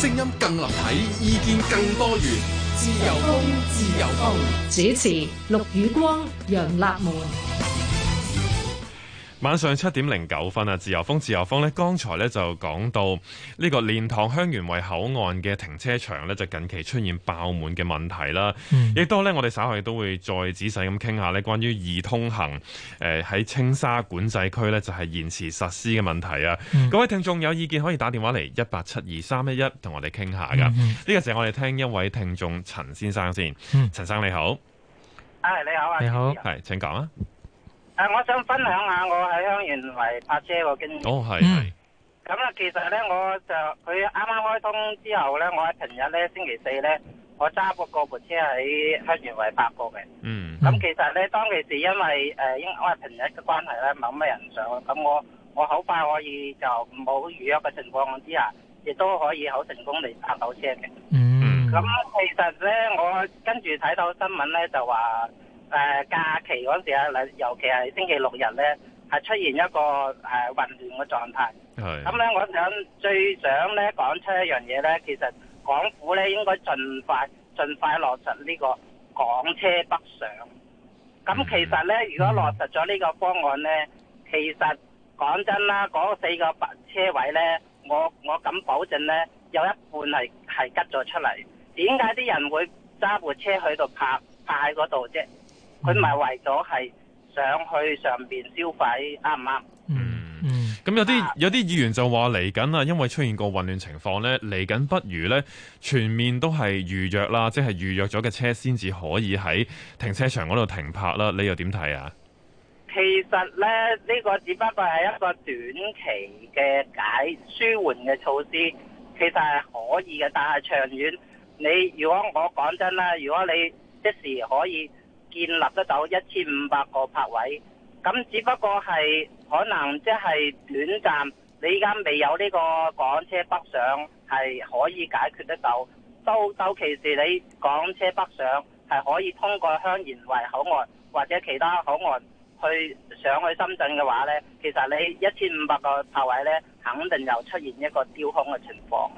聲音更立體，意見更多元。自由風，自由風。主持：陸宇光、楊立滿。晚上七點零九分啊！自由風，自由風呢，剛才咧就講到呢個蓮塘香園圍口岸嘅停車場呢，就近期出現爆滿嘅問題啦。亦、嗯、都呢，我哋稍後亦都會再仔細咁傾下呢關於易通行誒喺、呃、青沙管制區呢，就係延遲實施嘅問題啊！嗯、各位聽眾有意見可以打電話嚟一八七二三一一，同、嗯嗯、我哋傾下噶。呢個時候我哋聽一位聽眾陳先生、嗯、先。陳生你好，誒你好啊，你好，係好好請講啊。誒，我想分享下我喺香園圍泊車個經驗。哦係，咁啊，其實咧，我就佢啱啱開通之後咧，我喺平日咧，星期四咧，我揸過嗰部車喺香園圍泊過嘅。嗯。咁其實咧，當其時因為誒因我係平日嘅關係咧，冇乜人上，咁我我好快可以就冇預約嘅情況之下，亦都可以好成功地泊到車嘅。嗯。咁其實咧，我跟住睇到新聞咧，就話。誒、呃，假期嗰時啊，尤其係星期六日咧，係出現一個誒、呃、混亂嘅狀態。係咁咧，我想最想咧講出一樣嘢咧，其實港府咧應該盡快盡快落實呢個港車北上。咁、嗯、其實咧，如果落實咗呢個方案咧，其實講真啦，嗰四個車位咧，我我敢保證咧，有一半係係吉咗出嚟。點解啲人會揸部車去到泊泊喺嗰度啫？佢唔係為咗係想去上邊消費，啱唔啱？嗯，咁有啲有啲議員就話嚟緊啦，因為出現過混亂情況咧，嚟緊不如咧全面都係預約啦，即係預約咗嘅車先至可以喺停車場嗰度停泊啦。你又點睇啊？其實咧呢個只不過係一個短期嘅解舒緩嘅措施，其實係可以嘅，但係長遠你如果我講真啦，如果你即時可以。建立得到一千五百個泊位，咁只不過係可能即係短暫，你依家未有呢個港車北上係可以解決得到。尤其是你港車北上係可以通過香園圍口岸或者其他口岸去上去深圳嘅話呢，其實你一千五百個泊位呢，肯定又出現一個丟空嘅情況。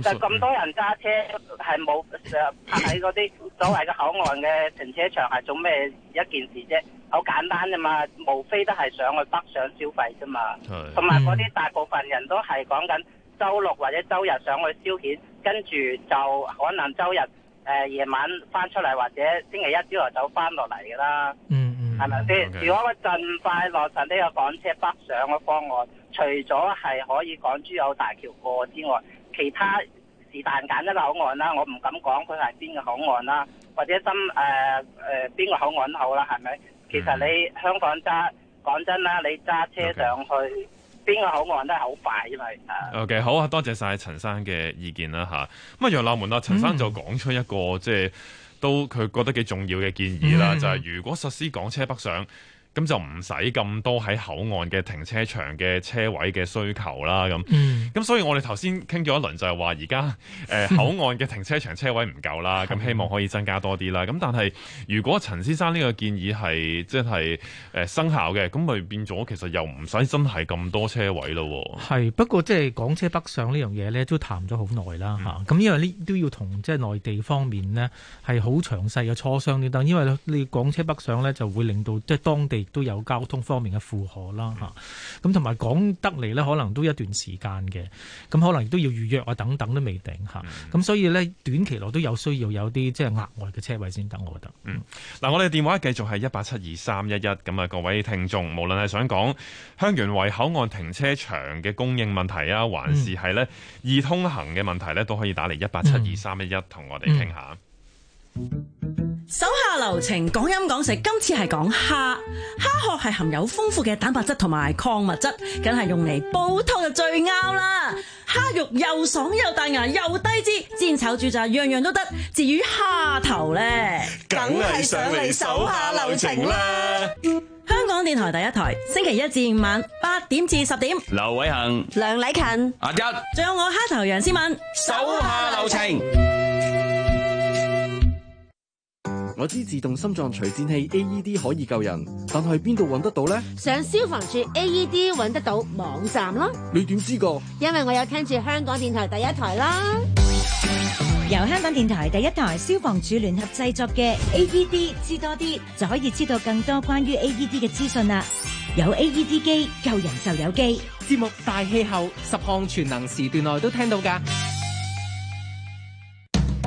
其實咁多人揸車係冇誒，泊喺嗰啲所謂嘅口岸嘅停車場係做咩一件事啫？好簡單啫嘛，無非都係想去北上消費啫嘛。同埋嗰啲大部分人都係講緊周六或者周日上去消遣，跟住就可能周日誒夜，呃、晚翻出嚟，或者星期一朝頭早翻落嚟㗎啦。嗯嗯的，係咪先？如果我盡快落實呢個港車北上嘅方案，除咗係可以港珠澳大橋過之外，其他是但揀一個口岸啦，我唔敢講佢係邊個口岸啦，或者真誒誒邊個口岸都好啦，係咪？其實你香港揸講真啦，你揸車上去邊 Okay. 個口岸都係好快，因為啊。OK，好啊，多謝晒陳生嘅意見啦，嚇、嗯。咁啊，羊鬧門啊，陳生就講出一個、嗯、即係都佢覺得幾重要嘅建議啦，嗯、就係如果實施港車北上。咁就唔使咁多喺口岸嘅停車場嘅車位嘅需求啦，咁，咁所以我哋頭先傾咗一輪就係話，而家誒口岸嘅停車場車位唔夠啦，咁希望可以增加多啲啦。咁但係如果陳先生呢個建議係即係誒生效嘅，咁咪變咗其實又唔使真係咁多車位咯。係不過即係港車北上呢樣嘢咧，都談咗好耐啦吓，咁因為呢都要同即係內地方面咧係好詳細嘅磋商呢，但因為你港車北上咧就會令到即係當地。亦都有交通方面嘅負荷啦嚇，咁同埋講得嚟呢，可能都一段時間嘅，咁可能都要預約啊等等都未定嚇，咁、嗯、所以呢，短期內都有需要有啲即係額外嘅車位先得，我覺得。嗯，嗱，我哋電話繼續係一八七二三一一，咁啊各位聽眾，無論係想講香園圍口岸停車場嘅供應問題啊，還是係呢易通行嘅問題呢，都可以打嚟、嗯、一八七二三一一，同我哋傾下。嗯嗯手下留情，講飲講食，今次係講蝦。蝦殼係含有豐富嘅蛋白質同埋礦物質，梗係用嚟煲湯就最啱啦。蝦肉又爽又彈牙，又低脂，煎炒煮炸樣樣都得。至於蝦頭呢，梗係上嚟手下留情啦。香港電台第一台，星期一至五晚八點至十點。劉偉恆、梁禮勤、阿一吉，仲有我蝦頭楊思敏，手下留情。我知自動心臟除顫器 AED 可以救人，但係邊度揾得到呢？上消防處 AED 揾得到網站咯。你點知噶？因為我有聽住香港電台第一台啦。由香港電台第一台消防處聯合製作嘅 AED，知多啲就可以知道更多關於 AED 嘅資訊啦。有 AED 機救人就有機。節目大氣候十項全能時段內都聽到噶。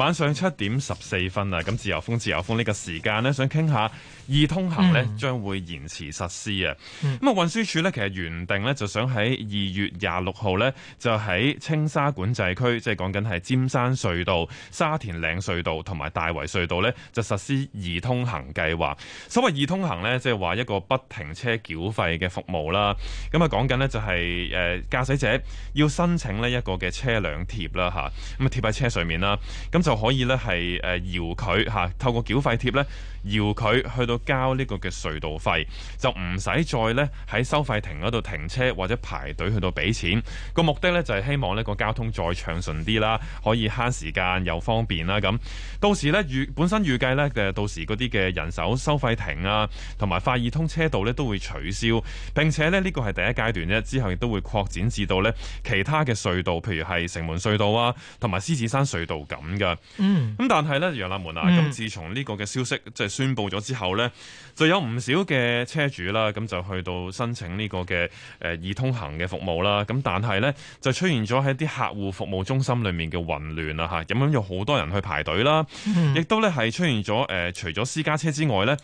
晚上七點十四分啊。咁自由風，自由風呢個時間呢，想傾下易通行呢，將會延遲實施啊。咁啊、嗯，運輸署呢，其實原定呢，就想喺二月廿六號呢，就喺青沙管制區，即係講緊係尖山隧道、沙田嶺隧道同埋大圍隧道呢，就實施易通行計劃。所謂易通行呢，即係話一個不停車繳費嘅服務啦。咁啊，講緊呢，就係誒駕駛者要申請呢一個嘅車輛貼啦吓，咁貼喺車上面啦，咁就。就可以咧，係誒搖佢吓，透過繳費貼咧。要佢去到交呢個嘅隧道費，就唔使再咧喺收費亭嗰度停車或者排隊去到俾錢。個目的咧就係、是、希望呢個交通再暢順啲啦，可以慳時間又方便啦。咁到時咧預本身預計咧嘅到時嗰啲嘅人手收費亭啊，同埋快易通車道咧都會取消。並且咧呢、這個係第一階段啫，之後亦都會擴展至到咧其他嘅隧道，譬如係城門隧道啊，同埋獅子山隧道咁嘅。嗯，咁但係咧楊立門啊，咁自從呢個嘅消息即宣佈咗之後呢，就有唔少嘅車主啦，咁就去到申請呢個嘅呃、易通行嘅服務啦。咁但係呢，就出現咗喺啲客戶服務中心裏面嘅混亂啦，嚇、啊，咁有好多人去排隊啦，亦、嗯、都咧係出現咗、呃、除咗私家車之外呢。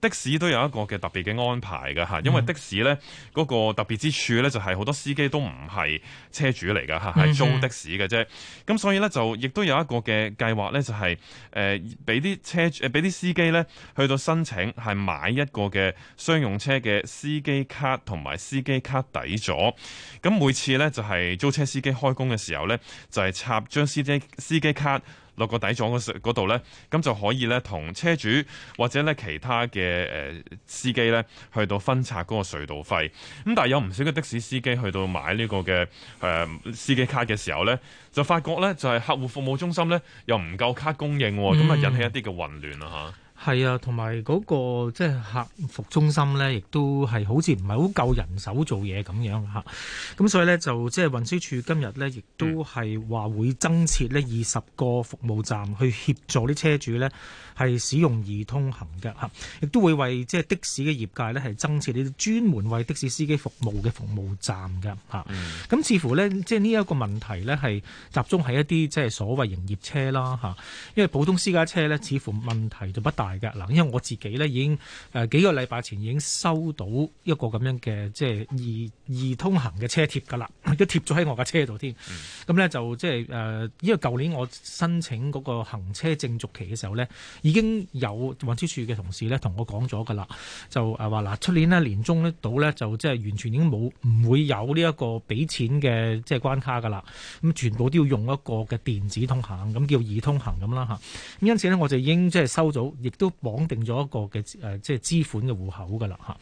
的士都有一個嘅特別嘅安排嘅嚇，因為的士呢，嗰、那個特別之處呢，就係、是、好多司機都唔係車主嚟嘅嚇，係租的士嘅啫。咁所以呢，就亦都有一個嘅計劃呢，就係誒俾啲車俾啲、呃、司機呢去到申請係買一個嘅商用車嘅司機卡同埋司機卡抵咗。咁每次呢，就係、是、租車司機開工嘅時候呢，就係、是、插張司機司機卡。落個底座嗰度咧，咁就可以咧同車主或者咧其他嘅司機咧去到分拆嗰個隧道費。咁但係有唔少嘅的、的士司機去到買呢、呢個嘅、呃、司機卡嘅時候咧，就發覺咧就係客戶服務中心咧又唔夠卡供應，咁啊引起一啲嘅混亂啦、嗯係啊，同埋嗰個即係客服中心呢，亦都係好似唔係好夠人手做嘢咁樣啦嚇。咁所以呢，就即係運輸署今日呢，亦都係話會增設呢二十個服務站去協助啲車主呢係使用易通行嘅嚇，亦都會為即係的士嘅業界呢係增設啲專門為的士司機服務嘅服務站嘅嚇。咁似乎呢，即係呢一個問題呢，係集中喺一啲即係所謂營業車啦嚇，因為普通私家車呢，似乎問題就不大。係嘅嗱，因為我自己咧已經誒幾個禮拜前已經收到一個咁樣嘅即係易易通行嘅車貼噶啦，都貼咗喺我架車度添。咁咧、嗯嗯、就即係誒，因為舊年我申請嗰個行車證續期嘅時候咧，已經有運輸署嘅同事咧同我講咗噶啦，就誒話嗱，出年呢年中呢到咧就即係完全已經冇唔會有呢一個俾錢嘅即係關卡噶啦，咁全部都要用一個嘅電子通行，咁叫易通行咁啦吓。咁因此呢，我就已經即係收咗。都綁定咗一個嘅誒，即係資款嘅戶口噶啦嚇，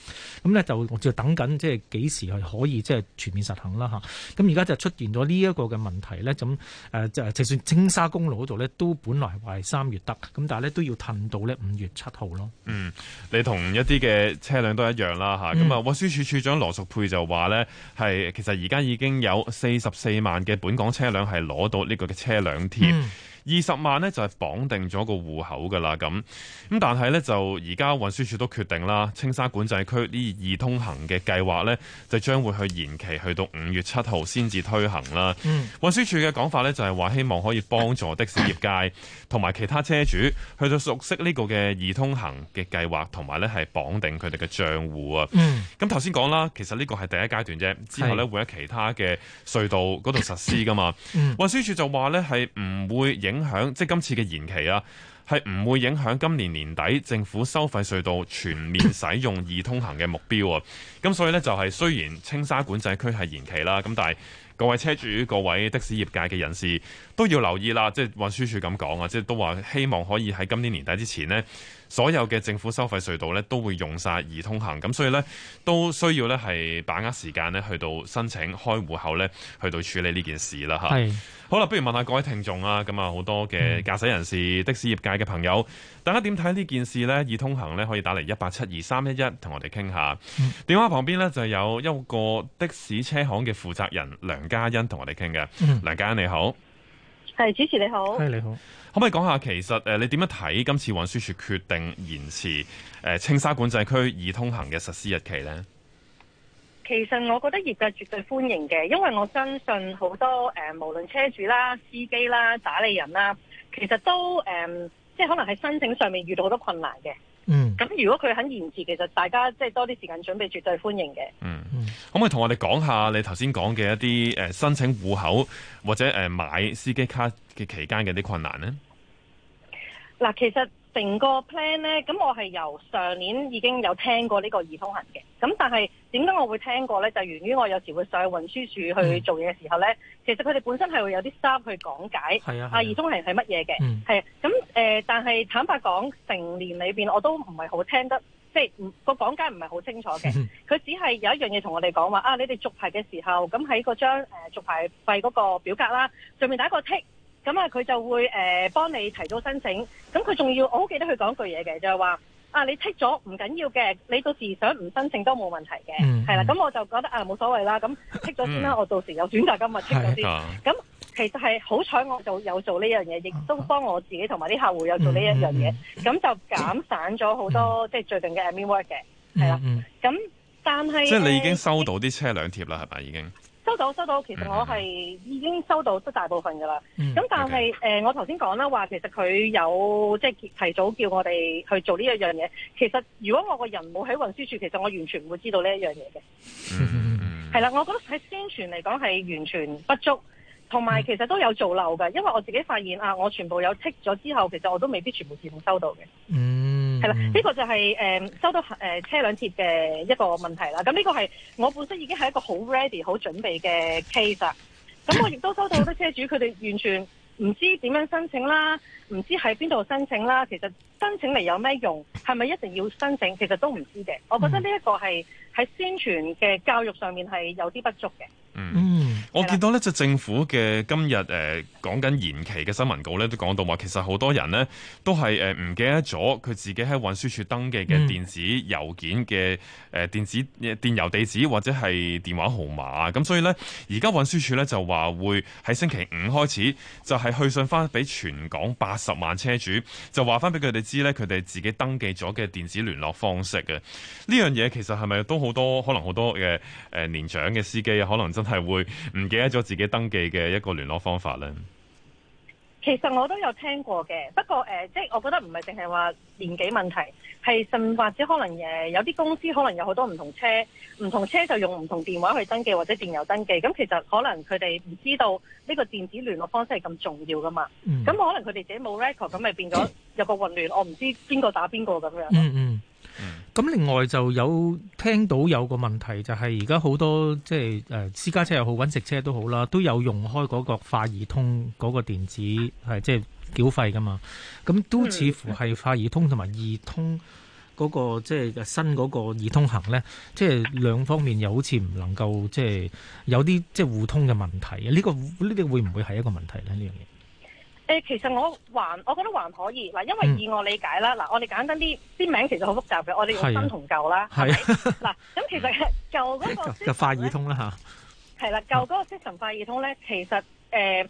咁咧就就等緊即係幾時係可以即係全面實行啦嚇。咁而家就出現咗呢一個嘅問題咧，咁誒就就算青沙公路嗰度咧，都本來話係三月得，咁但係咧都要褪到咧五月七號咯。嗯，你同一啲嘅車輛都一樣啦嚇，咁啊運輸署署長羅淑佩就話咧，係其實而家已經有四十四萬嘅本港車輛係攞到呢個嘅車輛貼。嗯二十萬呢，就係、是、綁定咗個戶口噶啦，咁咁但係呢，就而家運輸署都決定啦，青沙管制區呢，易通行嘅計劃呢，就將會去延期去到五月七號先至推行啦。嗯、運輸署嘅講法呢，就係、是、話希望可以幫助的士業界同埋其他車主去到熟悉呢個嘅易通行嘅計劃，同埋呢係綁定佢哋嘅賬戶啊。咁頭先講啦，其實呢個係第一階段啫，之後呢，是會喺其他嘅隧道嗰度實施噶嘛。嗯、運輸署就話呢，係唔會影影響，即係今次嘅延期啊，係唔會影響今年年底政府收費隧道全面使用易通行嘅目標啊。咁所以呢，就係、是、雖然青沙管制區係延期啦，咁但係各位車主、各位的士業界嘅人士都要留意啦。即係運輸署咁講啊，即係都話希望可以喺今年年底之前呢，所有嘅政府收費隧道咧，都會用晒易通行，咁所以咧都需要咧係把握時間咧，去到申請開戶口咧，去到處理呢件事啦嚇。是好啦，不如問下各位聽眾啊，咁啊好多嘅駕駛人士、嗯、的士業界嘅朋友，大家點睇呢件事呢？易通行咧，可以打嚟一八七二三一一同我哋傾下。嗯、電話旁邊呢，就有一個的士車行嘅負責人梁家欣同我哋傾嘅。嗯、梁家欣，你好，係，主持你好，係你好。可唔可以講下其實誒你點樣睇今次運輸署決定延遲誒、呃、青沙管制區易通行嘅實施日期呢？其實我覺得業界絕對歡迎嘅，因為我相信好多誒、呃、無論車主啦、司機啦、打理人啦，其實都誒、呃、即係可能喺申請上面遇到好多困難嘅。嗯。咁如果佢肯延遲，其實大家即係多啲時間準備，絕對歡迎嘅。嗯。嗯，可唔可以同我哋講下你頭先講嘅一啲誒申請戶口或者誒、呃、買司機卡嘅期間嘅啲困難呢？嗱，其實成個 plan 咧，咁我係由上年已經有聽過呢個易通行嘅，咁但係點解我會聽過咧？就源於我有時會上去運輸署去做嘢嘅時候咧，嗯、其實佢哋本身係會有啲 staff 去講解，係啊，啊易通行係乜嘢嘅，係，咁、嗯呃、但係坦白講，成年裏面我都唔係好聽得，即係唔個講解唔係好清楚嘅，佢、嗯、只係有一樣嘢同我哋講話，啊，你哋續牌嘅時候，咁喺個張誒、呃、續牌費嗰個表格啦，上面打一個 tick。咁啊，佢就會、呃、幫你提到申請。咁佢仲要，我好記得佢講句嘢嘅，就係、是、話啊，你剔咗唔緊要嘅，你到時想唔申請都冇問題嘅。係啦、嗯，咁我就覺得啊，冇所謂啦。咁剔咗先啦，嗯、我到時有選擇嘅嘛，剔咗先。咁、嗯、其實係、嗯、好彩，我就有做呢樣嘢，亦都幫我自己同埋啲客戶有做呢一樣嘢，咁、嗯、就減省咗好多、嗯、即係最近嘅 admin work 嘅。係啦，咁、嗯、但係即係你已經收到啲車輛貼啦，係咪已經？收到，收到，其實我係已經收到都大部分㗎喇。咁但係我頭先講啦，話其實佢有即係提早叫我哋去做呢一樣嘢。其實如果我個人冇喺運輸署，其實我完全唔會知道呢一樣嘢嘅。係啦、 嗯，我覺得喺宣傳嚟講係完全不足，同埋其實都有做漏㗎。因為我自己發現啊，我全部有剔咗之後，其實我都未必全部件收到嘅。嗯。係啦，呢、這個就係、是、誒、嗯、收到誒、呃、車輛貼嘅一個問題啦。咁呢個係我本身已經係一個好 ready、好準備嘅 case 啊。咁我亦都收到好多車主佢哋完全唔知點樣申請啦，唔知喺邊度申請啦。其實。申請嚟有咩用？係咪一定要申請？其實都唔知嘅。我覺得呢一個係喺宣傳嘅教育上面係有啲不足嘅。嗯，我見到呢就的政府嘅今日誒講緊延期嘅新聞稿咧，都講到話其實好多人呢都係誒唔記得咗佢自己喺運輸署登記嘅電子郵件嘅誒、嗯呃、電子、呃、電郵地址或者係電話號碼。咁所以呢，而家運輸署呢就話會喺星期五開始就係去信翻俾全港八十萬車主，就話翻俾佢哋。知咧，佢哋自己登記咗嘅電子聯絡方式嘅呢樣嘢，其實係咪都好多可能好多嘅誒年長嘅司機，可能，的、呃、的可能真係會唔記得咗自己登記嘅一個聯絡方法呢。其實我都有聽過嘅，不過誒、呃，即係我覺得唔係淨係話年紀問題，係甚至可能誒有啲公司可能有好多唔同車，唔同車就用唔同電話去登記或者電郵登記，咁其實可能佢哋唔知道呢個電子聯絡方式係咁重要㗎嘛，咁、嗯、可能佢哋自己冇 record，咁咪變咗有個混亂，我唔知邊個打邊個咁樣。嗯嗯。咁另外就有聽到有個問題就，就係而家好多即係誒私家車又好，揾食車都好啦，都有用開嗰個快易通嗰個電子係即係繳費噶嘛。咁都似乎係快易通同埋易通嗰、嗰個即係新嗰個易通行咧，即係兩方面又好似唔能夠即係有啲即係互通嘅問題。呢、呢個呢啲、呢個、會唔會係一個問題咧？呢樣嘢？誒，其實我還我覺得還可以，嗱，因為意外理解以我理解啦，嗱，我哋簡單啲，啲名其實好複雜嘅，我哋用新同舊啦，係嗱，咁其實舊嗰個即快易通啦，吓，係啦，舊嗰個即成快易通咧，其實誒、呃，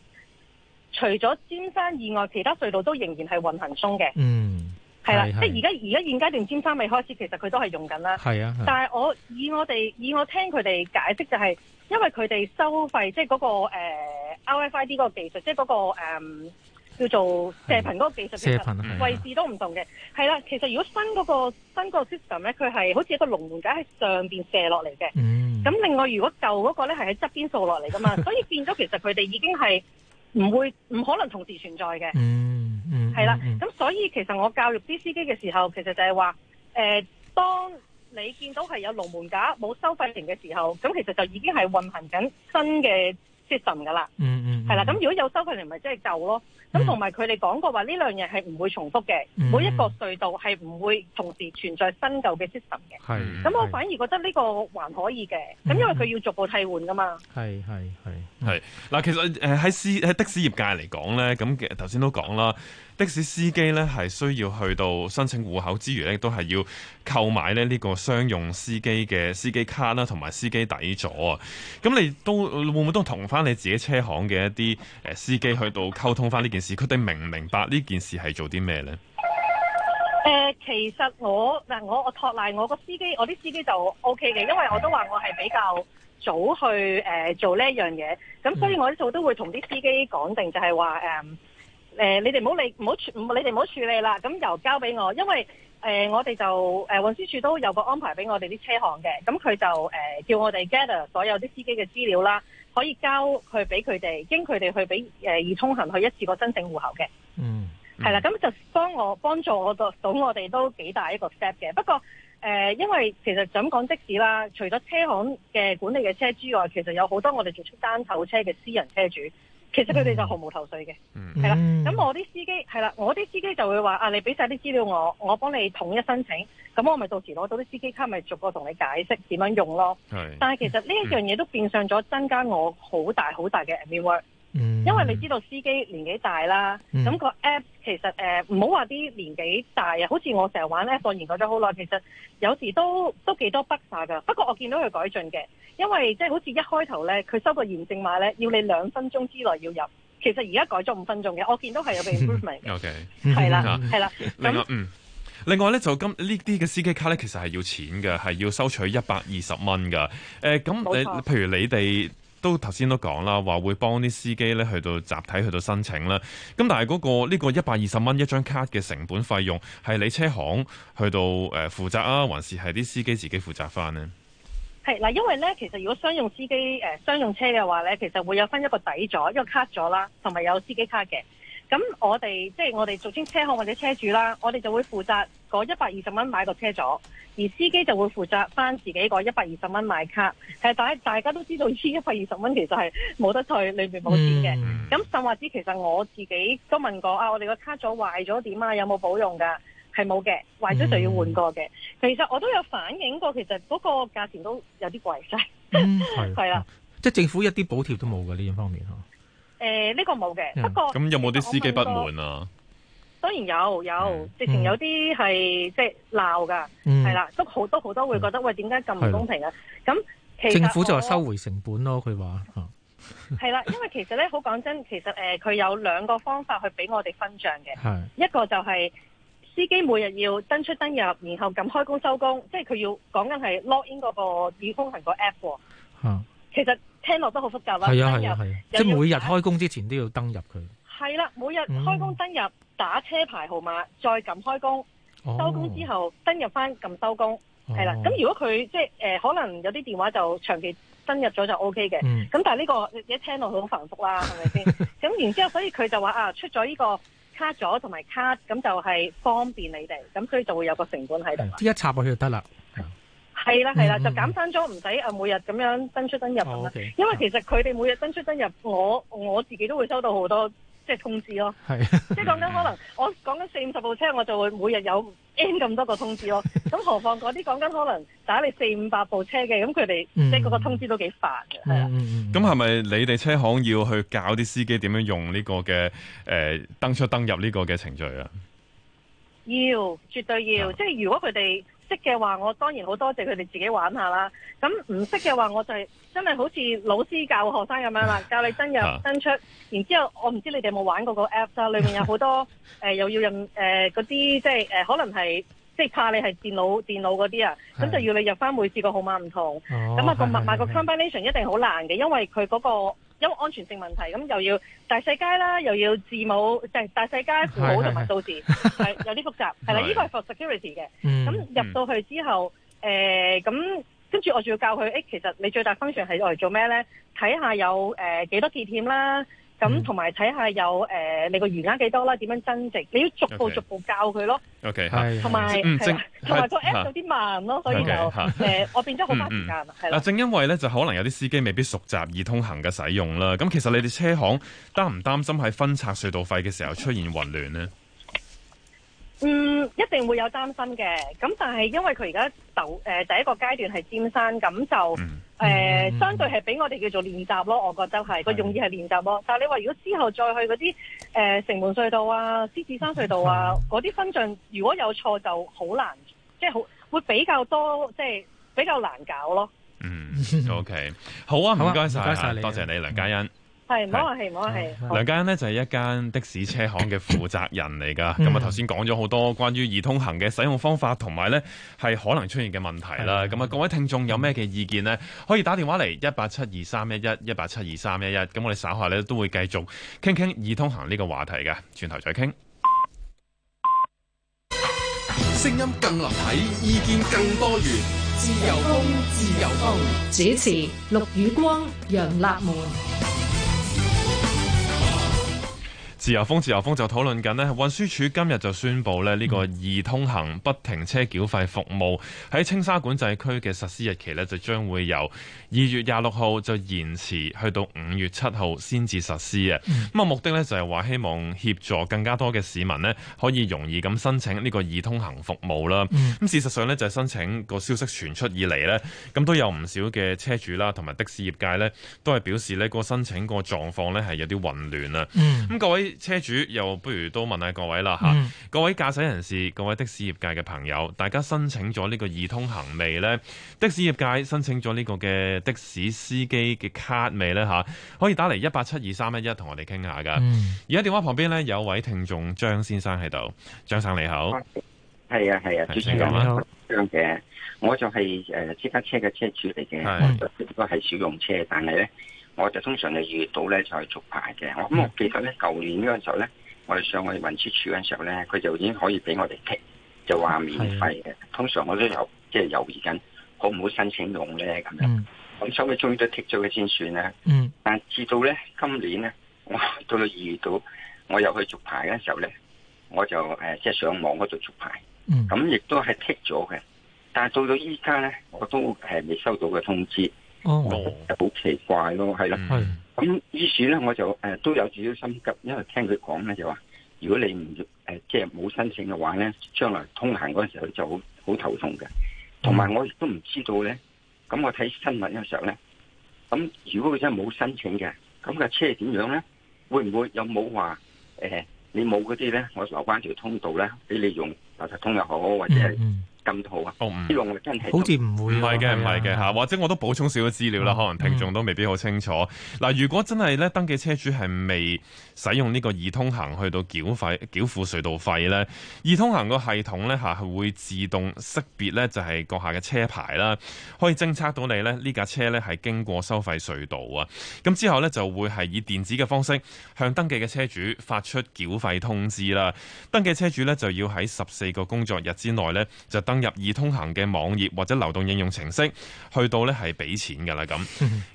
除咗尖山以外，其他隧道都仍然係運行中嘅，嗯，係啦，即而家而家現階段尖山未開始，其實佢都係用緊啦，係啊，啊但係我以我哋以我聽佢哋解釋、就是，就係因為佢哋收費，即、呃、嗰個誒 R F I D 嗰個技術，即、就、嗰、是那個誒。呃叫做射頻嗰個技術，射頻位置都唔同嘅。係啦，其實如果新嗰、嗰個新個 system 咧，佢係好似一個龍門架喺上面射落嚟嘅。咁、嗯、另外如果舊嗰個咧係喺側邊掃落嚟噶嘛， 所以變咗其實佢哋已經係唔會唔可能同時存在嘅、嗯。嗯係啦。咁的、嗯嗯、所以其實我教育啲司機嘅時候，其實就係話，誒、呃，當你見到係有龍門架冇收費亭嘅時候，咁其實就已經係運行緊新嘅。system 噶啦，係啦，咁、嗯嗯嗯、如果有收費嚟，咪即係舊咯。咁同埋佢哋講過話呢兩日係唔會重複嘅，嗯嗯、每一個隧道係唔會同時存在新舊嘅 system 嘅。係、嗯。咁我反而覺得呢個還可以嘅，咁、嗯、因為佢要逐步替換噶嘛。係係係係。嗱、嗯，其實誒喺士喺的士業界嚟講咧，咁其實頭先都講啦。的士司機咧，係需要去到申請戶口之餘咧，都係要購買咧呢個商用司機嘅司機卡啦，同埋司機底座啊。咁你都會唔會都同翻你自己車行嘅一啲司機去到溝通翻呢件事？佢哋明唔明白呢件事係做啲咩咧？其實我嗱，我我託賴我個司機，我啲司機就 OK 嘅，因為我都話我係比較早去、呃、做呢一樣嘢，咁所以我呢度都會同啲司機講定就，就係話誒、呃，你哋唔好理，唔好處，你哋唔好處理啦。咁又交俾我，因為誒、呃，我哋就誒運輸署都有個安排俾我哋啲車行嘅。咁佢就誒、呃、叫我哋 gather 所有啲司機嘅資料啦，可以交佢俾佢哋，經佢哋去俾誒易通行去一次過申請戶口嘅、嗯。嗯，係啦，咁就幫我幫助我到到我哋都幾大一個 step 嘅。不過誒、呃，因為其實咁講即使啦，除咗車行嘅管理嘅車之外，其實有好多我哋做出單頭車嘅私人車主。其實佢哋就毫無頭緒嘅，係啦、嗯。咁我啲司機係啦，我啲司機就會話：啊，你俾晒啲資料我，我幫你統一申請。咁我咪到時攞到啲司機卡，咪逐個同你解釋點樣用咯。係，但係其實呢一樣嘢都變相咗增加我好大好大嘅 email work。嗯、因為你知道司機年紀大啦，咁個、嗯、app 其實誒唔好話啲年紀大啊，好似我成日玩 app 我研究咗好耐，其實有時都都幾多筆晒噶。不過我見到佢改進嘅，因為即係好似一開頭咧，佢收個驗證碼咧要你兩分鐘之內要入，其實而家改咗五分鐘嘅，我見到係有被 improve 嘅。O K，係啦，係啦。 咁 那另外咧、嗯、就今呢啲嘅司機卡咧，其實係要錢嘅，係要收取一百二十蚊噶。誒、呃，咁你錯譬如你哋。都頭先都講啦，話會幫啲司機咧去到集體去到申請啦。咁但係嗰、那個呢、這個120元一百二十蚊一張卡嘅成本費用係你車行去到誒負責啊，還是係啲司機自己負責返呢？係嗱，因為咧，其實如果商用司機誒、呃、商用車嘅話咧，其實會有分一個底座一個卡座啦，同埋有，有司機卡嘅。咁我哋即係我哋做清車行或者車主啦，我哋就會負責嗰一百二十蚊買個車咗，而司機就會負責翻自己嗰一百二十蚊買卡。係大大家都知道呢一百二十蚊其實係冇得退，裏面冇錢嘅。咁、嗯、甚或之，其實我自己都問過啊，我哋個卡咗壞咗點啊？有冇保用噶？係冇嘅，壞咗就要換過嘅。嗯、其實我都有反映過，其實嗰個價錢都有啲貴晒。嗯，係係啦，的的即係政府一啲補貼都冇嘅呢樣方面。誒，呢個冇嘅，不過咁有冇啲司機不滿啊？當然有，有直情有啲係即係鬧噶，係啦，都好多好多會覺得喂，點解咁唔公平啊？咁政府就話收回成本咯，佢話係啦，因為其實呢，好講真，其實誒，佢有兩個方法去俾我哋分賬嘅。一個就係司機每日要登出登入，然後撳開工收工，即係佢要講緊係 lock in 嗰個易通行個 app。吓，其實。聽落都好複雜啦，啊、登入係啊，啊即係每日開工之前都要登入佢。係啦，每日開工登入，嗯、打車牌號碼，再撳開工。哦、收工之後登入翻撳收工，係，哦、啦。咁如果佢即係誒可能有啲電話就長期登入咗就 OK 嘅。咁，嗯，但係，這，呢個一聽落去好繁複啦，係咪先？咁 然之後，所以佢就話啊，出咗呢個卡咗同埋卡，咁就係方便你哋。咁所以就會有個成本喺度。即，嗯、一插落去就得啦。係啦，係啦，就減返咗，唔使啊！每日咁樣登出登入咁啦，oh, okay. 因為其實佢哋每日登出登入，我我自己都會收到好多即係、就是，通知咯。係，即係講緊可能我講緊四五十部車，我就會每日有 N 咁多個通知咯。咁 何況嗰啲講緊可能打你四五百部車嘅，咁佢哋即係嗰個通知都幾煩嘅。係啊 的，咁係咪你哋車行要去教啲司機點樣用呢個嘅誒、呃、登出登入呢個嘅程序啊？要，絕對要。即係 No. 如果佢哋。識嘅話，我當然好多謝佢哋自己玩下啦。咁唔識嘅話，我就真係好似老師教學生咁樣啦，教你登入、 登出。然之後，我唔知你哋有冇玩過個 app 啦，裏面有好多誒、 呃、又要入誒嗰啲即係可能係即係怕你係電腦電腦嗰啲啊，咁是就要你入翻每次個號碼唔同，咁啊、哦嗰個密碼是個 combination 一定好難嘅，因為佢嗰、嗰個。因為安全性問題，咁又要大細街啦，又要字母即係大細街字母同埋數字，係 有啲複雜。係啦，呢 個係 for security 嘅。咁、嗯、入到去之後，誒咁跟住我仲要教佢，誒、欸、其實你最大 function 係用嚟做咩咧？睇下有誒幾、呃、多結點啦。咁同埋睇下有誒你個餘額幾多啦，點樣增值？你要逐步逐步教佢咯。O K，同埋，同埋個 app 有啲慢咯，所以就我變咗好花時間。係啦，正因為咧就可能有啲司機未必熟習易通行嘅使用啦。咁其實你哋車行擔唔擔心喺分拆隧道費嘅時候出現混亂咧？嗯，一定會有擔心嘅，咁但係因為佢而家就誒第一個階段係尖山，咁就誒相對係俾我哋叫做練習咯，我覺得係個的用意係練習咯。但係你話如果之後再去嗰啲誒城門隧道啊、獅子山隧道啊嗰啲的分段，如果有錯就好難，即係好會比較多，即係比較難搞咯。嗯，OK，好啊，唔該晒。啊、多謝多謝你，梁家欣。係，冇係，冇係。梁家欣呢就係一間的士車行嘅負責人嚟噶。咁啊，頭先講咗好多關於易通行嘅使用方法和，同埋呢係可能出現嘅問題啦。咁啊的，各位聽眾有咩嘅意見呢？可以打電話嚟一八七二三一一一八七二三一一。咁我哋稍下呢都會繼續傾傾易通行呢個話題嘅，轉頭再傾。聲音更立體，意見更多元，自由風，自由風，主持：陸宇光、楊立門。自由風，自由風就討論緊呢運輸署今日就宣布呢個易通行不停車繳費服務喺青沙管制區嘅實施日期呢，就將會由二月廿六號就延遲去到五月七號先至實施啊。咁啊、嗯，目的呢就係話希望協助更加多嘅市民呢，可以容易咁申請呢個易通行服務啦。咁、嗯、事實上呢，就係申請個消息傳出以嚟呢，咁都有唔少嘅車主啦，同埋的士業界呢，都係表示呢個申請個狀況呢，係有啲混亂啊。咁、嗯、各位。車主又不如都問下各位啦吓，嗯、各位駕駛人士、各位的士業界嘅朋友，大家申請咗呢個易通行未呢？的士業界申請咗呢個嘅的士司機嘅卡未呢？吓？可以打嚟一八七二三一一同我哋傾下噶。嗯、而家電話旁邊呢，有位聽眾張先生喺度，張生你好，係啊係啊，主持人你好，張嘅，我就係誒私家車嘅車主嚟嘅，是的我只不過係少用車，但係呢。我就通常嚟二月度咧就係續牌嘅，我咁我記得咧舊年嗰陣時候咧，我哋上去運輸署嗰陣時候咧，佢就已經可以俾我哋剔，就話免費嘅。通常我都有即係猶豫緊，好唔好申請用咧咁樣？咁收尾終於都剔咗佢先算啦。嗯，但係至到咧今年咧，我到到二月度我又去續牌嗰陣時候咧，我就誒即係上網嗰度續牌。嗯，咁亦都係剔咗嘅，但係到到依家咧，我都係未收到嘅通知。哦，好、oh, 奇怪咯，係啦，咁於是咧的，我就誒、呃、都有少少心急，因為聽佢講咧就話，如果你唔誒、呃、即係冇申請嘅話咧，將來通行嗰陣時候就好好頭痛嘅。同埋我亦都唔知道咧，咁我睇新聞嘅時候咧，咁、嗯、如果佢真係冇申請嘅，咁架車點樣咧？會唔會有冇話誒？你冇嗰啲咧，我留翻條通道咧俾你用，垃圾通又好，或者係、嗯嗯。咁、oh, mm. 好啊？好似唔會唔係嘅，唔係嘅吓，或者我都補充少少資料啦，嗯、可能聽眾都未必好清楚。嗱、嗯，如果真係咧登記車主係未使用呢個易通行去到繳費繳付隧道費咧，易通行個系統咧吓係會自動識別咧就係閣下嘅車牌啦，可以偵測到你咧呢架車咧係經過收費隧道啊。咁之後咧就會係以電子嘅方式向登記嘅車主發出繳費通知啦。登記車主咧就要喺十四個工作日之內咧就登。入易通行嘅網頁或者流動應用程式，去到呢係俾錢噶啦咁。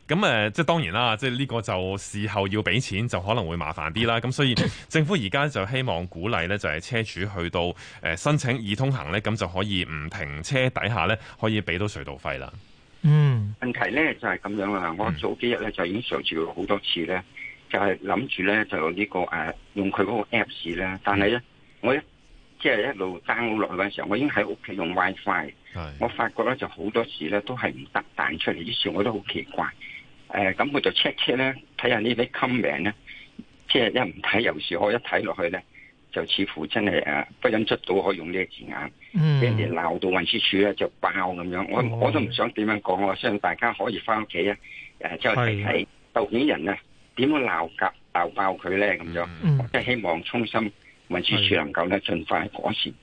咁誒、 呃、即係當然啦，即係呢個就事後要俾錢，就可能會麻煩啲啦。咁 所以政府而家就希望鼓勵呢，就係、是、車主去到誒、呃、申請易通行呢，咁就可以唔停車底下呢，可以俾到隧道費啦。嗯，問題呢就係、是、咁樣啦。我早幾日呢就已經嘗試過好多次呢，就係諗住呢，就呢個誒、啊、用佢嗰個 Apps 呢，但係呢。我一即係一路 download 落去嘅時候，我已經喺屋企用 WiFi，是我發覺咧就好多時咧都係唔得彈出嚟，於是我都好奇怪。誒、呃，咁我就 check check 咧，睇下呢啲 comment 咧，即係一唔睇又是我一睇落去咧，就似乎真係誒，不忍出到可以用呢個字眼，跟住鬧到運輸署咧就爆咁樣，我、嗯哦、我都唔想點樣講，我相信大家可以翻屋企啊，誒、呃，之後睇睇究竟人啊點樣鬧架鬧爆佢咧咁樣，即係希望衷心。運輸署能夠呢，盡快改善。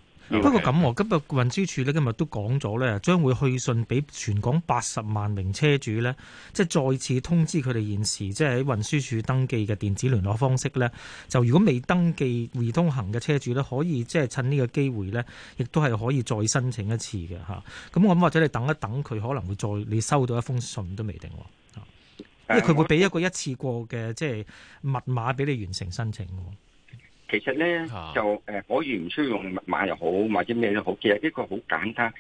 不過咁我、啊、今日運輸署呢，今日都講咗呢，將會去信俾全港八十萬名車主呢，即係再次通知佢哋現時即係喺運輸署登記嘅電子聯絡方式呢。就如果未登記易通行嘅車主呢，可以即係趁呢個機會呢，亦都係可以再申請一次嘅吓。咁我諗或者你等一等，佢可能會再你收到一封信都未定，啊、因為佢會俾一個一次過嘅即係密碼俾你完成申請。其實咧就誒，我亦唔需要用密碼又好，或者咩都好，其實一個好簡單，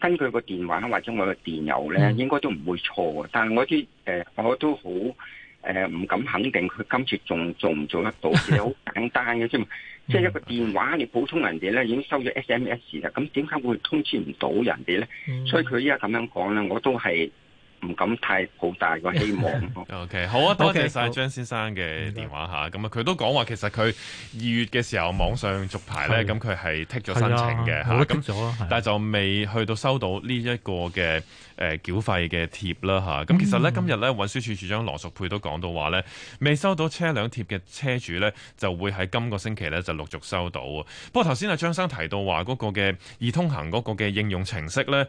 根據個電話或者我嘅電郵咧，應該都唔會錯嘅。但係我啲，誒、呃，我都好誒，唔、呃、敢肯定佢今次仲做唔做得到。其實好簡單嘅啫嘛， 即係一個電話，你普通人哋咧已經收咗 SMS 啦，咁點解會通知唔到人哋咧？所以佢依家咁樣講咧，我都係。唔敢太好大個希望。OK，好啊，okay, 多謝晒張先生嘅電話嚇。咁 Okay, okay. 啊，佢都講話其實佢二月嘅時候網上續牌咧，咁佢係剔咗申請嘅，但係就未去到收到呢一個嘅誒繳費嘅貼啦嚇。咁、啊啊嗯、其實咧今日咧運輸署署長羅淑佩都講到話咧，未收到車輛貼嘅車主咧就會喺今個星期咧就陸續收到。不過頭先阿張生提到話嗰個嘅易通行嗰個嘅應用程式咧。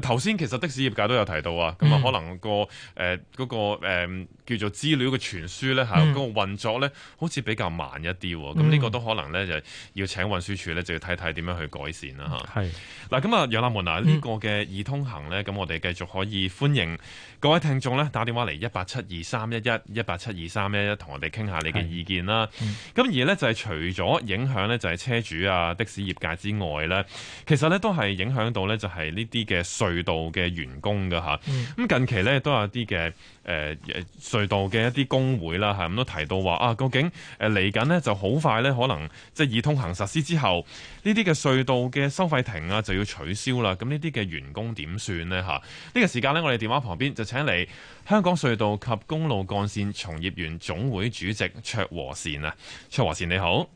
頭先其實的士業界都有提到啊，咁啊可能、那個誒嗰、嗯呃那個、呃那個呃、叫做資料嘅傳輸咧嚇，嗰、嗯那個運作咧好似比較慢一啲，咁呢個都可能咧、就是、就要請運輸署咧就要睇睇點樣去改善啦吓，係嗱咁啊，楊立門啊，呢、嗯這個嘅易通行咧，咁我哋繼續可以歡迎各位聽眾咧打電話嚟一八七二三一一一八七二三一一，同我哋傾下你嘅意見啦。咁、嗯、而咧就係、是、除咗影響咧就係、是、車主啊的士業界之外咧，其實咧都係影響到咧就係呢啲嘅。隧道嘅員工噶吓，咁、嗯、近期咧都有啲嘅、誒隧道嘅一啲工會啦，係咁都提到話啊，究竟誒嚟緊呢就好快呢，可能即係易通行實施之後，呢啲嘅隧道嘅收費亭啊就要取消啦，咁呢啲嘅員工點算呢？吓？呢個時間呢，我哋電話旁邊就請嚟香港隧道及公路幹綫從業員總會主席卓和善啊，卓和善你好。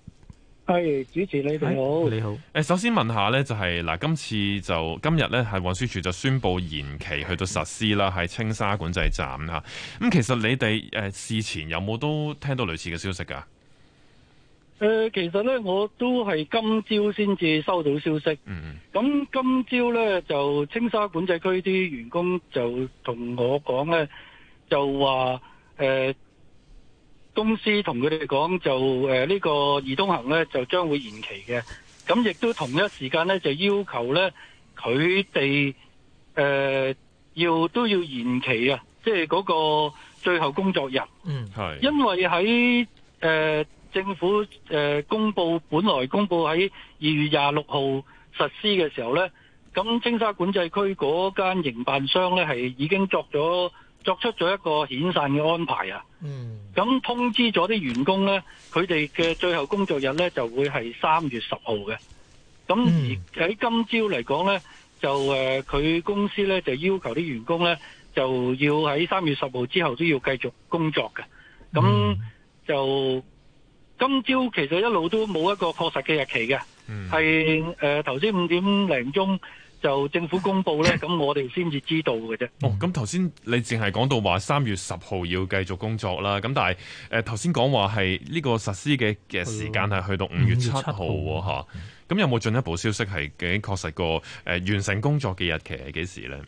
係，主持你哋好，你好。誒，首先問下呢，就係、是、嗱，今次就今日呢，係運輸署就宣布延期去到實施啦，喺青、嗯、沙管制站吓。咁其實你哋誒、呃、事前有冇都聽到類似嘅消息噶？誒、呃，其實呢，我都係今朝先至收到消息。嗯，咁今朝呢，就青沙管制區啲員工就同我講呢，就話誒。呃公司同佢哋講就誒呢、呃這個易通行咧就將會延期嘅，咁亦都同一時間咧就要求咧佢哋誒要都要延期啊，即係嗰個最後工作日。嗯，係，因為喺誒、呃、政府誒、呃、公布本來公布喺二月廿六號實施嘅時候咧，咁青沙管制區嗰間營辦商咧係已經作咗。作出咗一個遣散嘅安排啊！咁通知咗啲員工咧，佢哋嘅最後工作日咧就會係三月十號嘅。咁而喺今朝嚟講咧，就誒，佢公司咧就要求啲員工咧就要喺三月十號之後都要繼續工作嘅。咁就今朝其實一路都冇一個確實嘅日期嘅，係誒頭先五點零鐘。就政府公布呢，咁我哋先至知道嘅啫。哦，咁頭先你淨係講到話三月十號要繼續工作啦，咁但係誒頭先講話係呢個實施嘅嘅時間係去到五月七號吓，咁、啊、有冇進一步消息係已經確實過誒、呃、完成工作嘅日期係幾時呢？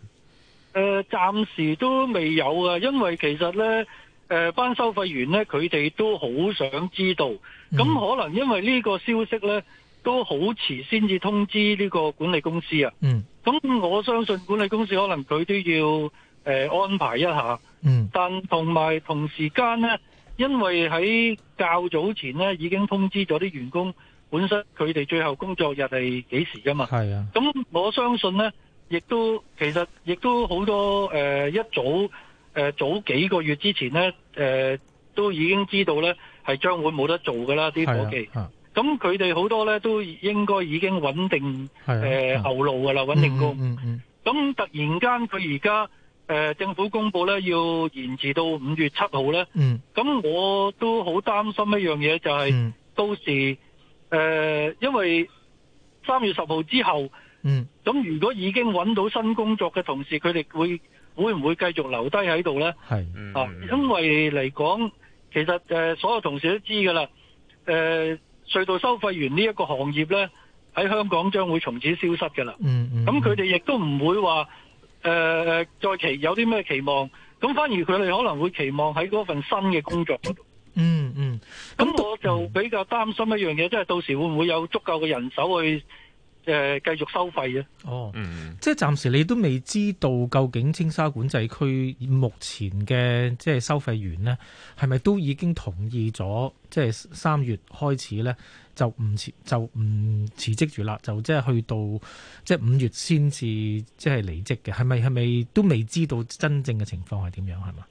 誒、呃，暫時都未有啊，因為其實呢誒、呃、班收費員呢，佢哋都好想知道，咁可能因為呢個消息呢。都好遲先至通知呢個管理公司啊！咁、嗯、我相信管理公司可能佢都要誒、呃、安排一下。嗯、但同埋同時間呢，因為喺較早前呢已經通知咗啲員工，本身佢哋最後工作日係幾時噶嘛？係啊！咁我相信呢，亦都其實亦都好多誒、呃、一早誒、呃、早幾個月之前呢，誒、呃、都已經知道呢係將會冇得做噶啦，啲夥計。咁佢哋好多咧都應該已經穩定誒後、啊呃、路噶啦，穩定工。咁、嗯嗯嗯、突然間佢而家誒政府公布咧要延遲到五月七號咧。咁、嗯、我都好擔心一樣嘢就係、是、到、嗯、時誒、呃，因為三月十號之後，咁、嗯、如果已經揾到新工作嘅同事，佢哋會會唔會繼續留低喺度咧？是啊，因為嚟講，其實誒、呃、所有同事都知噶啦，誒、呃。隧道收費員呢一個行業呢，喺香港將會從此消失嘅啦、嗯。嗯嗯，咁佢哋亦都唔會話誒、呃、再期有啲咩期望，咁反而佢哋可能會期望喺嗰份新嘅工作嗰度、嗯。嗯嗯，咁我就比較擔心一樣嘢，即係到時會唔會有足夠嘅人手去。誒，繼續收費哦，嗯，即係暫時你都未知道究竟青沙管制區目前嘅即係收費員呢，係咪都已經同意咗，即係三月開始呢，就唔辭就唔辭職住啦，就即係去到即係五月先至即係離職嘅，係咪係咪都未知道真正嘅情況係點樣係嘛？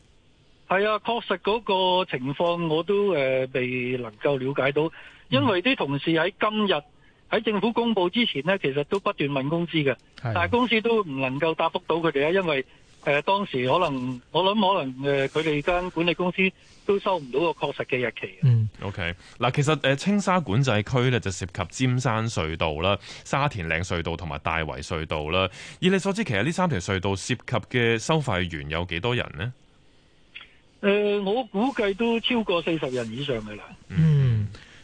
係啊，確實嗰個情況我都誒、呃、未能夠了解到，因為啲同事喺今日。喺政府公布之前呢，其實都不斷問公司嘅，的但係公司都唔能夠答覆到佢哋咧，因為誒、呃、當時可能我諗可能誒佢哋間管理公司都收唔到個確實嘅日期。嗯，OK，嗱，其實誒青沙管制區咧就涉及尖山隧道啦、沙田嶺隧道同埋大圍隧道啦。以你所知，其實呢三條隧道涉及嘅收費員有幾多人呢？誒、呃，我估計都超過四十人以上嘅啦。嗯。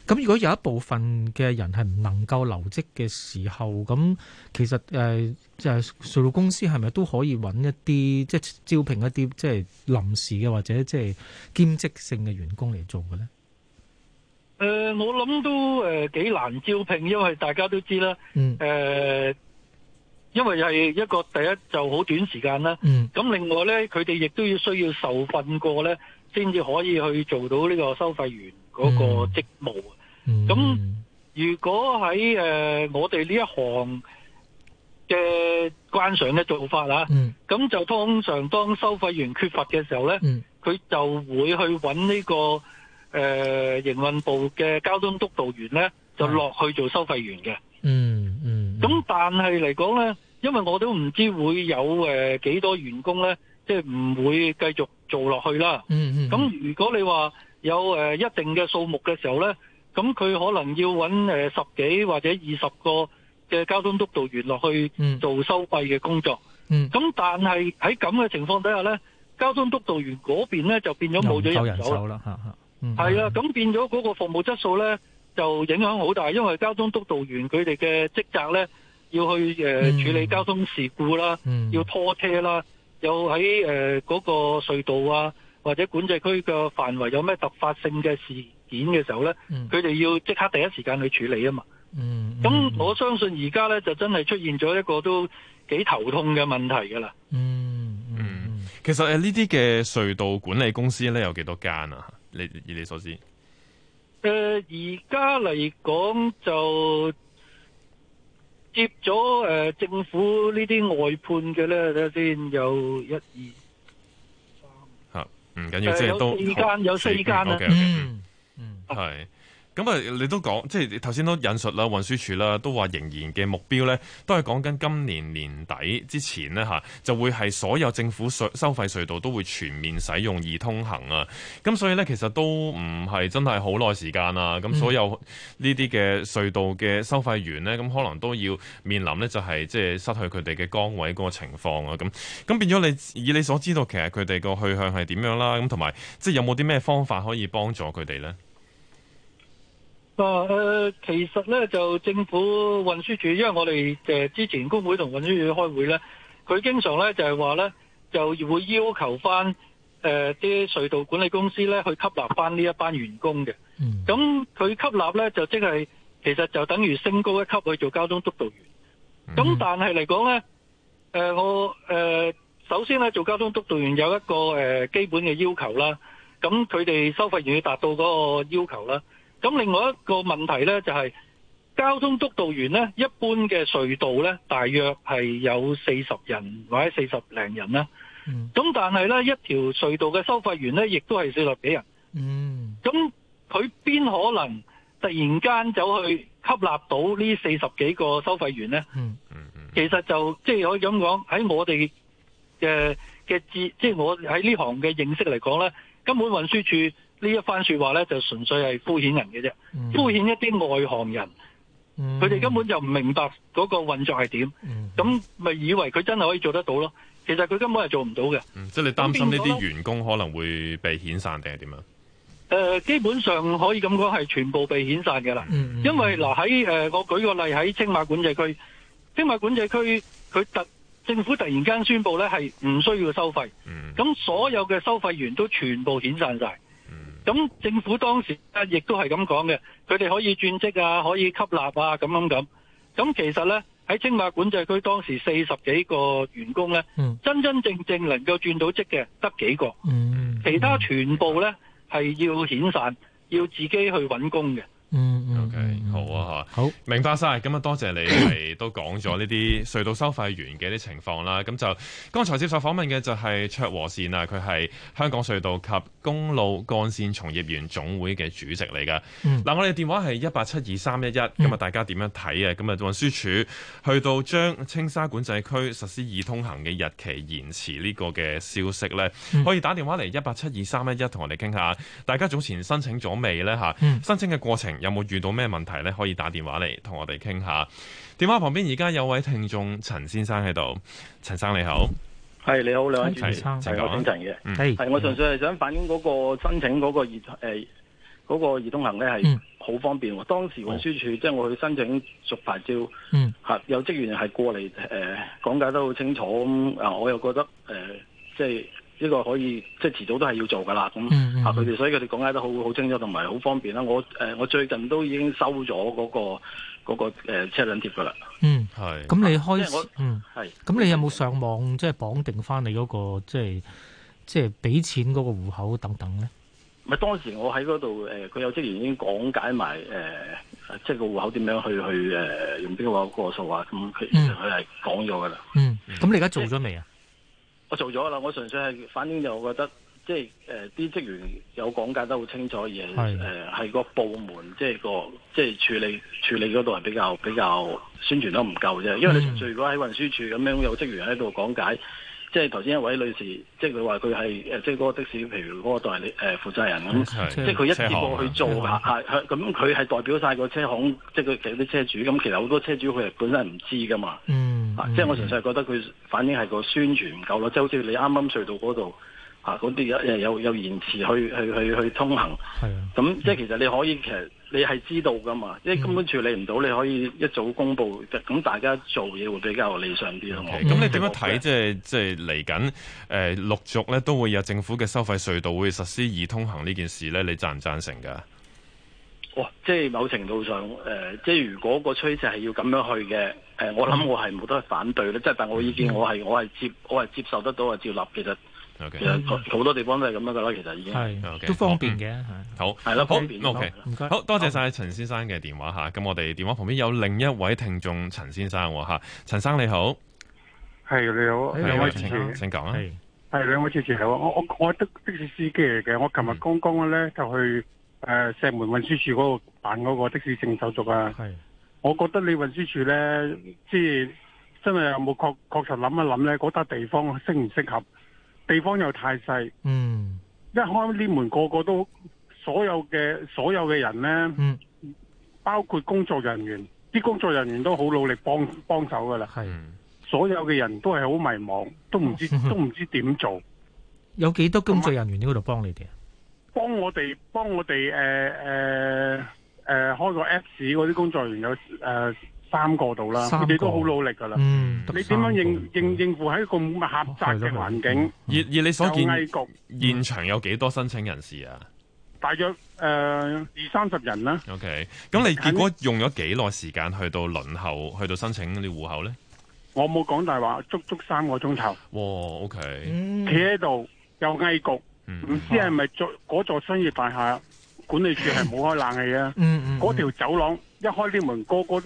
咁如果有一部分嘅人係唔能夠留職嘅時候，咁其實誒、呃、就係隧道公司係咪都可以揾一啲即係招聘一啲即係臨時嘅或者即係兼職性嘅員工嚟做嘅咧？誒、呃，我諗都誒幾、呃、難招聘，因為大家都知啦。誒、嗯呃，因為係一個第一就好短時間啦。咁、嗯、另外咧，佢哋亦都要需要受訓過咧，先至可以去做到呢個收費員嗰個職務。咁如果喺誒我哋呢一行嘅慣常嘅做法啊，咁就通常當收費員缺乏嘅時候呢，佢就會去揾呢個誒營運部嘅交通督導員呢，就落去做收費員嘅。嗯嗯。咁但係嚟講呢，因為我都唔知會有誒幾多員工呢，即係唔會繼續做落去啦。嗯嗯。咁如果你話有誒一定嘅數目嘅時候呢？咁佢可能要揾、呃、十幾或者二十個嘅交通督導員落去做收費嘅工作。咁、嗯嗯、但係喺咁嘅情況底下呢，交通督導員嗰邊呢，就變咗冇咗人手啦。係啊，咁、嗯、變咗嗰個服務質素呢就影響好大，因為交通督導員佢哋嘅職責呢，要去誒、呃、處理交通事故啦，嗯嗯、要拖車啦，又喺嗰、呃那個隧道啊。或者管制區嘅範圍有咩突發性嘅事件嘅時候呢，佢哋、嗯、要即刻第一時間去處理啊嘛嗯。嗯，咁我相信而家呢，就真係出現咗一個都幾頭痛嘅問題噶啦。嗯嗯，其實呢啲嘅隧道管理公司呢，有幾多間啊？你以你所知？誒、呃，而家嚟講就接咗誒、呃、政府呢啲外判嘅呢，睇下先有一二。唔緊要，呃、即係都四間都有四間啦，嗯嗯，係。咁啊，你都講，即係頭先都引述啦，運輸署啦，都話仍然嘅目標咧，都係講緊今年年底之前咧嚇，就會係所有政府隧收費隧道都會全面使用易通行啊。咁所以咧，其實都唔係真係好耐時間啦、啊、咁所有呢啲嘅隧道嘅收費員咧，咁可能都要面臨呢，就係即係失去佢哋嘅崗位嗰個情況啊。咁咁變咗你以你所知道，其實佢哋個去向係點樣啦、啊？咁同埋即係有冇啲咩方法可以幫助佢哋咧？誒、呃，其實咧就政府運輸署，因為我哋誒、呃、之前工會同運輸署開會咧，佢經常咧就係話咧，就會要求翻誒啲隧道管理公司咧去吸納翻呢一班員工嘅。咁佢、嗯、吸納咧就即、就、係、是、其實就等於升高一級去做交通督導員。咁、嗯、但係嚟講咧，誒、呃、我誒、呃、首先咧做交通督導員有一個誒、呃、基本嘅要求啦，咁佢哋收費員要達到嗰個要求啦。咁另外一個問題呢，就係、是、交通督導員呢，一般嘅隧道呢，大約係有四十人或者四十零人啦。咁、嗯、但係呢，一條隧道嘅收費員呢，亦都係四十幾人。嗯，咁佢邊可能突然間走去吸納到呢四十幾個收費員呢？嗯嗯，其實就即係可以咁講，喺我哋嘅嘅知，即係我喺呢行嘅認識嚟講呢，根本運輸處。呢一番說話咧，就純粹係敷衍人嘅啫，嗯、敷衍一啲外行人。佢哋、嗯、根本就唔明白嗰個運作係點，咁咪、嗯、以為佢真係可以做得到咯？其實佢根本係做唔到嘅、嗯。即係你擔心呢啲員工可能會被遣散定係點樣誒，基本上可以咁講，係全部被遣散嘅啦。嗯、因為嗱喺誒，我舉個例喺青馬管制區，青馬管制區佢特政府突然間宣布咧係唔需要收費，咁、嗯、所有嘅收費員都全部遣散晒。咁政府當時咧，亦都係咁講嘅，佢哋可以轉職啊，可以吸納啊，咁樣咁。咁其實呢，喺青馬管制區當時四十幾個員工呢，真真正正能夠轉到職嘅得幾個，其他全部呢係要遣散，要自己去揾工嘅。Okay, 嗯，OK，好啊，吓、嗯、好，好好明白晒，咁啊多謝你係都講咗呢啲隧道收費員嘅啲情況啦，咁就剛才接受訪問嘅就係卓和善啊，佢係香港隧道及公路幹線從業員總會嘅主席嚟噶。嗱、嗯，我哋電話係一八七二三一一，今日大家點樣睇啊？咁啊運輸署去到將青沙管制區實施易通行嘅日期延遲呢個嘅消息咧，可以打電話嚟一八七二三一一，同我哋傾下。大家早前申請咗未咧吓？嗯、申請嘅過程。有冇遇到咩問題咧？可以打電話嚟，同我哋傾下。電話旁邊而家有位聽眾陳先生喺度，陳生你好，係你好，你好，陳陳生，係我姓陳嘅，係、嗯，係我純粹係想反映嗰個申請嗰、嗰個呃那個移誒個易通行咧，係好方便的。嗯、當時運輸署即係我去申請續牌照，吓、嗯啊、有職員係過嚟誒講解得好清楚咁、嗯，我又覺得誒、呃、即係。呢個可以即係遲早都係要做噶啦，咁啊佢哋所以佢哋講解得好好清楚，同埋好方便啦。我誒、呃、我最近都已經收咗嗰、嗰個、嗰個誒車輛貼噶啦。嗯，係。咁你開始、啊、嗯係。咁你有冇上網即係綁定翻你嗰、嗰個即係即係俾錢嗰個戶口等等咧？咪當時我喺嗰度誒，佢、呃、有職員已經講解埋誒、呃，即係個戶口點樣去去誒、呃，用邊個話過數啊？咁佢佢係講咗噶啦。嗯，咁你而家做咗未啊？嗯嗯我做咗啦，我純粹係反正就覺得，即係啲、呃、職員有講解得好清楚，而係係、呃、個部門，即係個即係處理處理嗰度係比較比較宣傳得唔夠啫。因為你純粹、嗯、如果喺運輸處咁樣有職員喺度講解，即係頭先一位女士，即係佢話佢係即係嗰個的士，譬如嗰個代理、呃、負責人咁，即係佢一直過去，去做噶，咁佢係代表曬個車行，即係佢嗰啲車主。咁其實好多車主佢本身係唔知噶嘛。嗯啊、即係我純粹係覺得佢反映係個宣傳唔夠咯，即係好似你啱啱隧道嗰度啊，嗰啲有有，有延遲去去去去通行，咁的、啊、即係其實你可以其實你係知道噶嘛，因為根本處理唔到，嗯、你可以一早公布，咁大家做嘢會比較理想啲咯。咁 okay, 吧你點樣睇？即係即係嚟緊誒陸續咧都會有政府嘅收費隧道會實施易通行呢件事咧？你贊唔贊成噶？哇！即係某程度上誒、呃，即係如果個趨勢係要咁樣去嘅。誒，我諗我係冇得去反對咧，即係，但我意見我係我係接我係接受得到啊！照立，其實其實好多地方都係咁樣噶啦，其實已經都方便嘅嚇。好，係啦，方便 O K，唔該，好多謝晒陳先生嘅電話嚇。咁我哋電話旁邊有另一位聽眾陳先生嚇，陳生你好，係你好，兩位陳先生請講啊，係兩位主持嚇，我我我係的士司機嚟嘅，我琴日剛剛咧就去誒石門運輸署嗰度辦嗰個的士證手續啊，係。我覺得你運輸署呢，即係真係有冇確確實諗一諗呢嗰笪地方適唔適合？地方又太細。嗯，一開呢門，個個都，所有嘅所有嘅人呢、嗯、包括工作人員，啲工作人員都好努力幫幫手㗎喇。係是，所有嘅人都係好迷茫，都唔知道 都唔知點做。有幾多工作人員喺度幫你哋？幫我哋，幫我哋，誒、呃、誒。誒、呃，開個 Apps 嗰啲工作人員有誒、呃、三個度啦，佢哋個都好努力噶啦。嗯，你點樣應應應付喺一個咁狹窄嘅環境？哦哦哦哦、而而你所見、嗯、現場有幾多申請人士啊？大約誒、呃、二三十人啦。OK，咁你結果用咗幾耐時間去到輪候，去到申請啲戶口咧？我冇講大話，足足三個鐘頭。哇、哦，OK，企喺度又翳焗，唔、嗯、知係咪嗰座商業大廈？管理處係冇開冷氣啊！嗰條、嗯嗯、走廊、嗯嗯、一開呢門，個個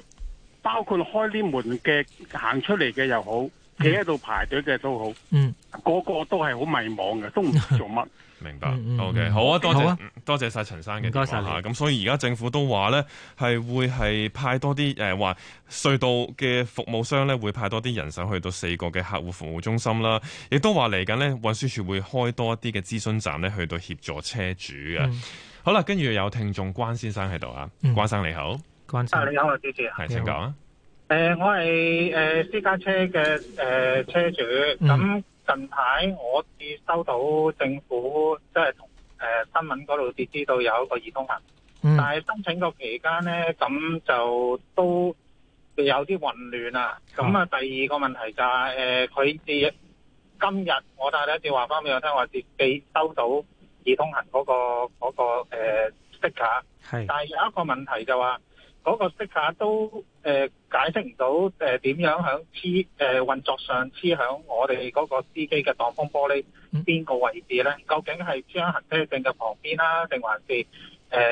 包括開呢門嘅行出嚟嘅又好，企喺度排隊嘅都好，嗯、個個都係好迷茫嘅，都唔知做乜。明白、嗯嗯、，OK，好啊，多謝，啊、多謝晒陳生嘅電話吓。咁所以而家政府都話咧，係會係派多啲誒，話、呃、隧道嘅服務商咧會派多啲人手去到四個嘅客戶服務中心啦。亦都話嚟緊咧運輸處會開多一啲嘅諮詢站咧去到協助車主嘅、啊。嗯好啦，跟住有聽眾關先生喺度啊，嗯、關先生你好，關生、啊、你好啊，主持係，請講啊。誒、嗯嗯呃，我係誒、呃、私家車嘅誒、呃、車主，咁近排我至收到政府即係同誒新聞嗰度接知道有一個易通行，嗯、但係申請個期間咧，咁就都有啲混亂啦。咁啊、嗯，第二個問題就係、是、誒，佢、呃、至今日我打咗一電話翻俾我聽，話接未收到。易通行嗰、那個嗰、那個誒卡，呃、aker, 是但係有一個問題就話、是、嗰、那個識卡都、呃、解釋唔到誒點、呃、樣喺黐、呃、運作上黐響我哋嗰個司機嘅擋風玻璃邊個位置咧？嗯、究竟係黐喺行車證嘅旁邊啦，定還是誒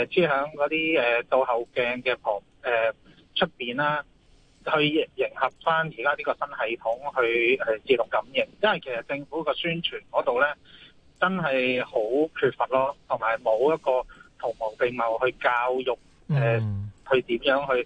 黐喺嗰啲誒倒後鏡嘅旁出、呃、面啦？去迎合翻而家呢個新系統去自動感應，因為其實政府個宣傳嗰度咧。真係好缺乏咯，同埋冇一個圖文並茂去教育、呃 mm. 去點樣去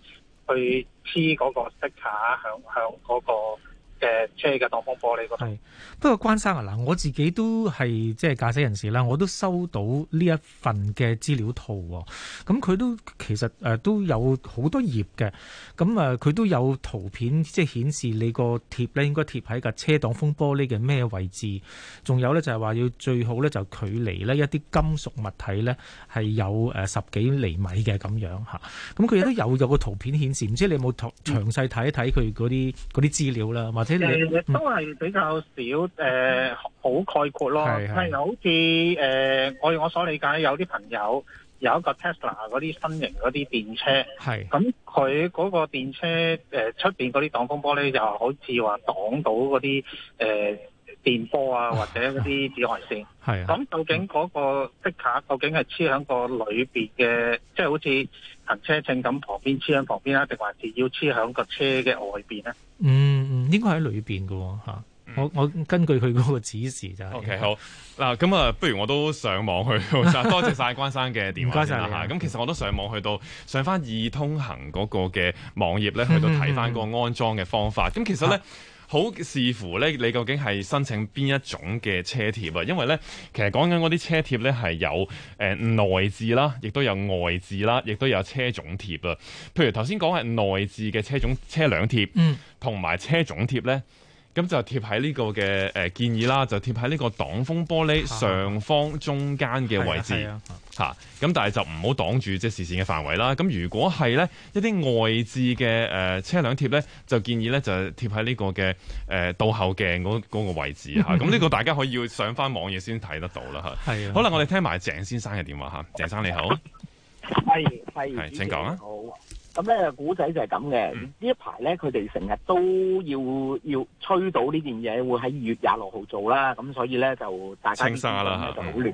去黐嗰個 sticker 向向嗰、嗰個嘅車嘅擋風玻璃嗰度。不過關生啊，嗱我自己都係即係駕駛人士啦，我都收到呢一份嘅資料圖喎。咁、嗯、佢都其實誒都有好多頁嘅，咁誒佢都有圖片即係顯示你個貼咧應該貼喺架車擋風玻璃嘅咩位置，仲有咧就係話要最好咧就距離呢一啲金屬物體咧係有誒十幾厘米嘅咁樣嚇。咁佢亦都有有個圖片顯示，唔知你有冇詳細睇一睇佢嗰啲啲資料啦，或者？誒，也都係比較少，誒、呃，好概括咯。係，好似誒，我我所理解，有啲朋友有個 Tesla 嗰啲新型嗰啲電車，係，咁佢嗰個電車誒，出邊嗰啲擋風玻璃就好似話擋到嗰啲誒。呃電波啊，或者嗰啲紫外線，係啊。咁、啊、究竟嗰個即卡究竟係黐喺個裏邊嘅，即、就、係、是、好似行車證咁旁邊黐喺旁邊啊，定還是要黐喺個車嘅外邊咧？嗯嗯，應該喺裏邊㗎吓。嗯、我我根據佢嗰個指示就是。O、okay, K 好嗱，咁啊，不如我都上網去，多謝晒關生嘅電話先啦、啊、吓。咁 你其實我都上網去到上翻易通行嗰個嘅網頁咧，去到睇翻嗰個安裝嘅方法。咁、嗯、其實咧。啊好視乎咧，你究竟係申請邊一種嘅車貼啊？因為咧，其實講緊嗰啲車貼咧係有誒內置啦，亦都有外置啦，亦都有車種貼啊。譬如頭先講係內置嘅車種車輛貼，嗯，同埋車種貼咧。嗯咁就貼喺呢個嘅、呃、建議啦，就貼喺呢個擋風玻璃上方中間嘅位置嚇。咁、啊、但係就唔好擋住即、就係、視線嘅範圍啦。咁如果係咧一啲外置嘅誒、呃、車輛貼咧，就建議咧就貼喺呢個嘅道倒後鏡嗰個位置嚇。咁呢 個大家可以要上翻網頁先睇得到啦嚇。啊、好啦，啊、我哋聽埋鄭先生嘅電話嚇。鄭生你好，係係，請講啊。咁咧古仔就係咁嘅，呢、嗯、一排咧佢哋成日都要要吹到呢件嘢會喺二月廿六號做啦，咁所以咧就大家咁咧就好亂，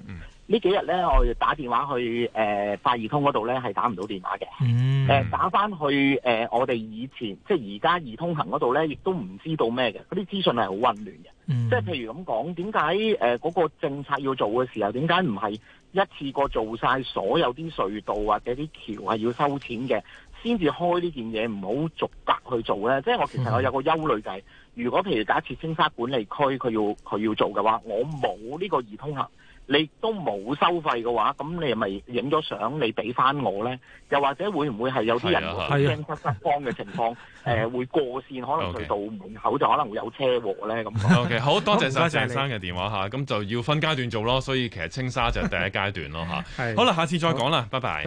呢幾日咧，我哋打電話去誒快易通嗰度咧係打唔到電話嘅、嗯呃，打翻去誒、呃、我哋以前即係而家易通行嗰度咧，亦都唔知道咩嘅，嗰啲資訊係好混亂嘅。嗯、即係譬如咁講，點解誒嗰個政策要做嘅時候，點解唔係一次過做晒所有啲隧道或者啲橋係要收錢嘅？先至開呢件嘢，唔好逐格去做咧。即係我其實我有個憂慮就係、是，如果譬如假設青沙管理區佢要佢要做嘅話，我冇呢個易通行，你都冇收費嘅話，咁你咪影咗相，你俾翻我咧？又或者會唔會係有啲人驚失慌嘅情況？誒，會過線，啊、可能去到門口就可能會有車禍咧。咁 okay. OK，好多謝鄭生嘅電話嚇，咁 就要分階段做咯。所以其實青沙就係第一階段咯嚇。 是好啦，下次再講啦，拜拜。